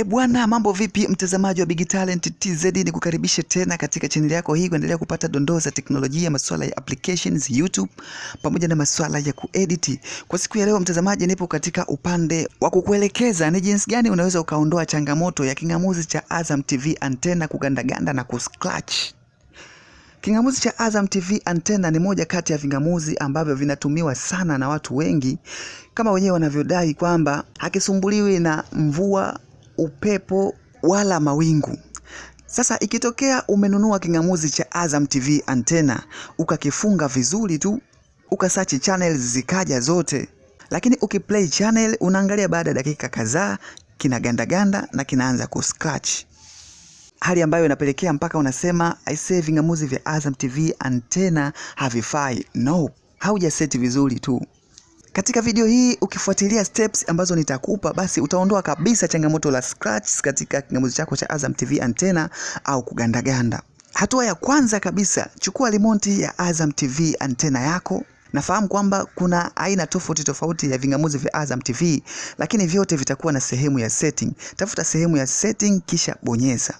E bwana, mambo vipi mtazamaji wa Big Talent TZ, ni kukaribishe tena katika chaneli yako hii kuendelea kupata dondoo za teknolojia, masuala ya applications YouTube pamoja na masuala ya kuedit. Kwa siku ya leo mtazamaji, nipo katika upande wa kukuelekeza ni jinsi gani unaweza ukaondoa changamoto ya kingamuzi cha Azam TV antena kugandaganda na kuscratch. Kingamuzi cha Azam TV antena ni moja kati ya vingamuzi ambavyo vinatumiwa sana na watu wengi, kama wenyewe wanavyodai kwamba hakisumbuliwi na mvua upepo wala mawingu. Sasa ikitokea umenunua king'amuzi cha Azam TV antena ukakifunga vizuri tu, ukasearch channel zikaja zote, lakini ukiplay channel unaangalia, baada ya dakika kadhaa kinagandaganda na kinaanza kuscratch, hali ambayo inapelekea mpaka unasema aisee, ving'amuzi vya Azam TV antena havifai. No, haujaseti vizuri tu. Katika video hii ukifuatilia steps ambazo nitakupa, basi utaondoa kabisa changamoto la scratch katika kingamuzi chako cha Azam TV antena au kugandaganda. Hatua ya kwanza kabisa, chukua remote ya Azam TV antena yako. Nafahamu kwamba kuna aina tofauti tofauti ya vingamuzi vya Azam TV, lakini vyote vitakuwa na sehemu ya setting. Tafuta sehemu ya setting kisha bonyeza.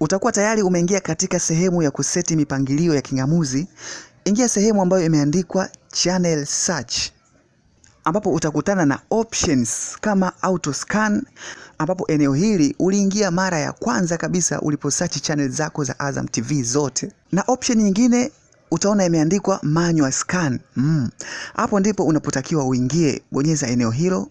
Utakuwa tayari umeingia katika sehemu ya kuseti mipangilio ya kingamuzi. Ingia sehemu ambayo imeandikwa channel search ambapo utakutana na options kama auto scan, ambapo eneo hili uliingia mara ya kwanza kabisa uliposearch channel zako za Azam TV zote, na option nyingine utaona imeandikwa manual scan. Mm. Hapo ndipo unapotakiwa uingie, bonyeza eneo hilo.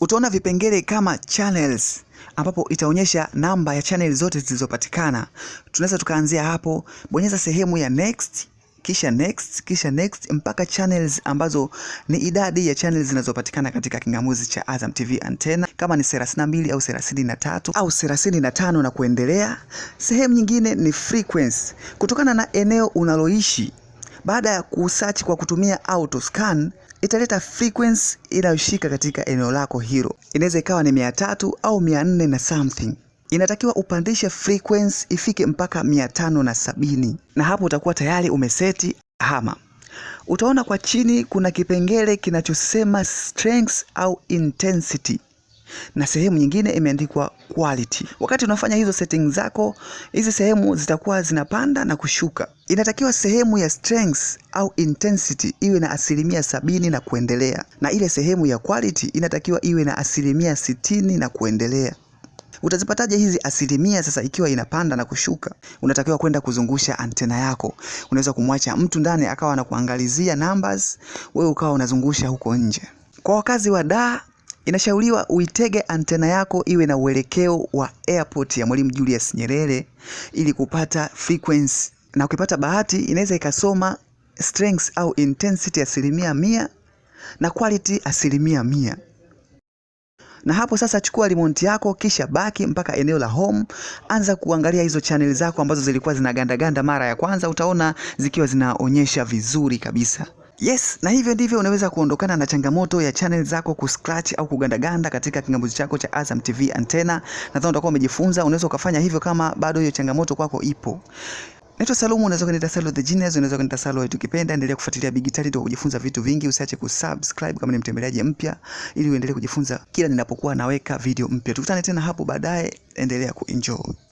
Utaona vipengele kama channels ambapo itaonyesha namba ya channel zote zilizopatikana. Tunaweza tukaanzia hapo, bonyeza sehemu ya next kisha next, kisha next mpaka channels ambazo ni idadi ya channels zinazopatikana katika kingamuzi cha Azam TV antena, kama ni 32 au 33 au 35 na kuendelea. Sehemu nyingine ni frequency kutokana na eneo unaloishi. Baada ya kusearch kwa kutumia auto scan italeta frequency inayoshika katika eneo lako hilo, inaweza ikawa ni mia tatu au mia na something inatakiwa upandishe frequency ifike mpaka mia tano na sabini na hapo utakuwa tayari umeseti hama. Utaona kwa chini kuna kipengele kinachosema strength au intensity na sehemu nyingine imeandikwa quality. Wakati unafanya hizo setting zako, hizi sehemu zitakuwa zinapanda na kushuka. Inatakiwa sehemu ya strength au intensity iwe na asilimia sabini na kuendelea, na ile sehemu ya quality inatakiwa iwe na asilimia sitini na kuendelea. Utazipataje hizi asilimia sasa ikiwa inapanda na kushuka? Unatakiwa kwenda kuzungusha antena yako. Unaweza kumwacha mtu ndani akawa anakuangalizia numbers, wewe ukawa unazungusha huko nje. Kwa wakazi wa Dar inashauriwa uitege antena yako iwe na uelekeo wa airport ya Mwalimu Julius Nyerere ili kupata frequency, na ukipata bahati inaweza ikasoma strength au intensity asilimia mia na quality asilimia mia. Na hapo sasa chukua remote yako kisha baki mpaka eneo la home, anza kuangalia hizo channel zako ambazo zilikuwa zinagandaganda mara ya kwanza, utaona zikiwa zinaonyesha vizuri kabisa. Yes, na hivyo ndivyo unaweza kuondokana na changamoto ya channel zako kuscratch au kugandaganda katika kingamuzi chako cha Azam TV antena Nadhani utakuwa umejifunza, unaweza ukafanya hivyo kama bado hiyo changamoto kwako ipo. Naitwa Salumu, unaweza kuniita Salo the Genius, unaweza kuniita Salu tukipenda. Endelea kufuatilia Big Tally tu kujifunza vitu vingi, usiache kusubscribe kama ni mtembeleaji mpya, ili uendelee kujifunza kila ninapokuwa naweka video mpya. Tukutane tena hapo baadaye, endelea kuenjoy.